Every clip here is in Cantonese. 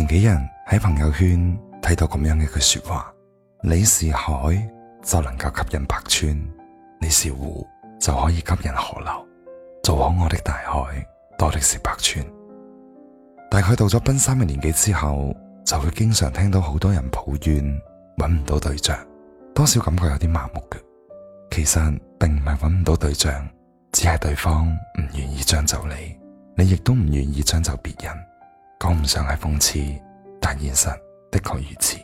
前幾日喺朋友圈睇到咁樣嘅一句說話：你是海就能夠吸引百川，你是湖就可以吸引河流。做好我的大海，多的是百川。大概到咗奔三嘅年紀之後，就會經常聽到好多人抱怨揾唔到對象，多少感覺有啲麻木嘅。其實並唔係揾唔到對象，只係對方唔願意將就你，你亦都唔願意將就別人。講唔上係諷刺，但現實的確如此。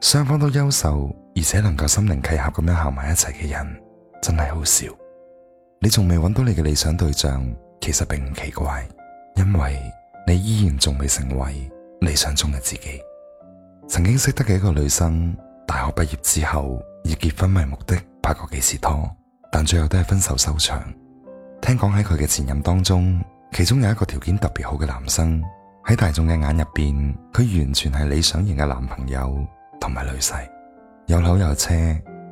雙方都優秀，而且能夠心靈契合咁樣行埋一齊嘅人，真係好少。你仲未揾到你嘅理想對象，其實並唔奇怪，因為你依然仲未成為理想中嘅自己。曾經識得嘅一個女生，大學畢業之後以結婚為目的拍過幾次拖，但最後都係分手收場。聽講喺佢嘅前任當中，其中有一個條件特別好嘅男生。喺大眾嘅眼入邊，佢完全係理想型嘅男朋友同埋女婿，有樓有車，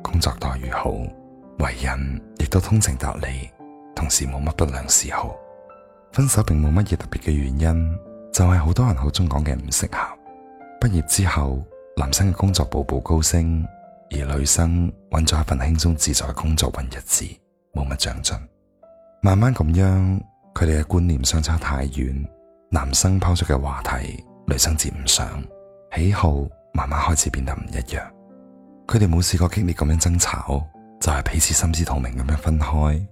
工作待遇好，為人亦都通情達理，同時冇乜不良嗜好。分手並冇乜嘢特別嘅原因，就係好多人口中講嘅唔適合。畢業之後，男生嘅工作步步高升，而女生揾咗一份輕鬆自在嘅工作混日子，冇乜長進。慢慢咁樣，佢哋嘅觀念相差太遠。男生拋出嘅話題，女生接唔上，喜好慢慢開始變得唔一樣。佢哋冇試過激烈咁樣爭吵，就係彼此心知肚明咁樣分開。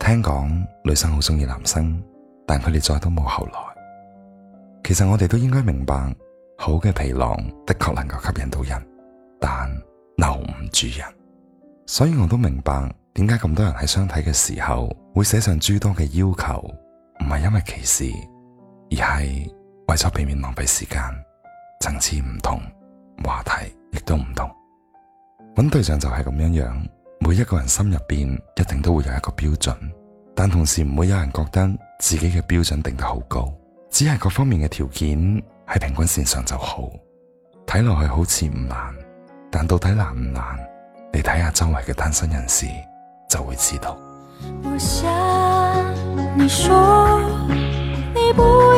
聽講女生好中意男生，但佢哋再都冇後來。其實我哋都應該明白，好嘅皮囊的確能夠吸引到人，但留唔住人。所以我都明白點解咁多人喺相睇嘅時候會寫上諸多嘅要求，唔係因為歧視。而係為咗避免浪費時間，層次唔同，話題亦都唔同，揾對象就係咁樣樣。每一個人心入邊一定都會有一個標準，但同時唔會有人覺得自己嘅標準定得好高，只係各方面嘅條件喺平均線上就好。睇落去好似唔難，但到底難唔難？你睇下周圍嘅單身人士就會知道。我想，你說你不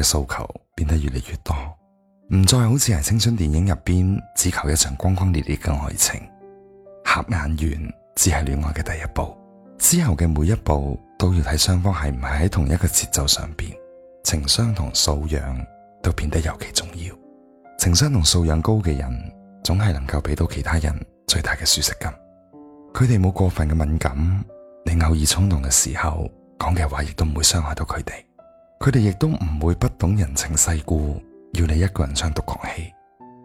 嘅訴求變得越嚟越多，唔再好似係青春電影入邊，只求一場轟轟烈烈嘅愛情。合眼緣只係戀愛嘅第一步，之後嘅每一步都要睇雙方係唔係喺同一個節奏上邊。情商同素養都變得尤其重要。情商同素養高嘅人，總係能夠俾到其他人最大嘅舒適感。佢哋冇過分嘅敏感，你偶爾衝動嘅時候講嘅話，亦都唔會傷害到佢哋。佢哋亦都唔會不懂人情世故，要你一個人唱獨角戲，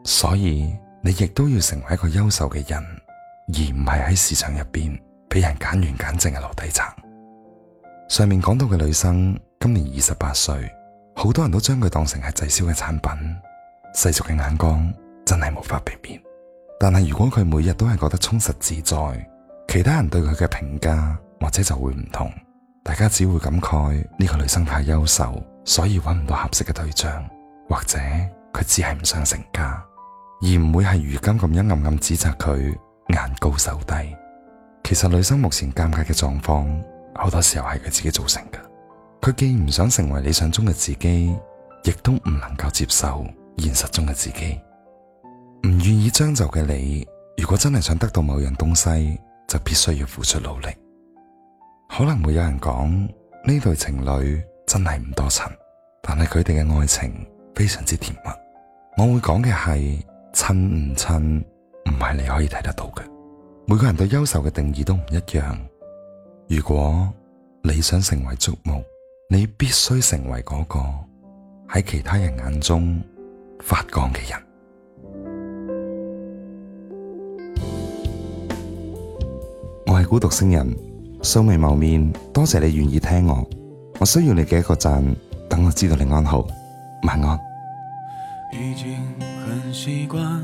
所以你亦都要成為一個優秀嘅人，而唔係喺市場入邊俾人揀完揀淨嘅落地層。上面講到嘅女生今年二十八歲，好多人都將佢當成係滯銷嘅產品，世俗嘅眼光真係無法避免。但係如果佢每日都係覺得充實自在，其他人對佢嘅評價或者就會唔同。大家只會感慨呢個女生太優秀，所以揾唔到合適嘅對象，或者佢只係唔想成家，而唔會係如今咁樣暗暗指責佢眼高手低。其實女生目前尷尬嘅狀況，好多時候係佢自己造成嘅。佢既唔想成為理想中嘅自己，亦都唔能夠接受現實中嘅自己，唔願意將就嘅你。如果真係想得到某樣東西，就必須要付出努力。可能會有人講，呢對情侶真係唔多襯，但係佢哋嘅愛情非常之甜蜜。我會講嘅係，襯唔襯唔係你可以睇得到嘅。每個人對優秀嘅定義都唔一樣。如果你想成為矚目，你必須成為嗰個喺其他人眼中發光嘅人。我係孤獨星人。素未謀面，多謝你願意聽我。我需要你給一個讚，等我知道你安好。晚安。已經很習慣，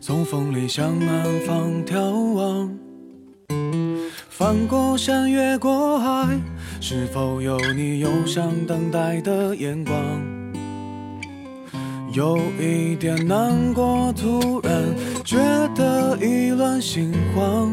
從風裏向南方眺望。翻過山，越過海，是否有你憂傷等待的眼光？有一點難過，突然覺得意亂心慌。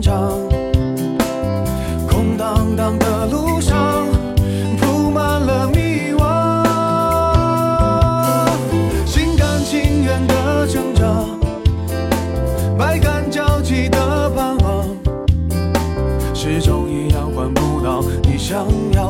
長，空蕩蕩的路上，鋪滿了迷惘。心甘情願的掙扎，百感交集的盼望，始終一樣換不到你想要。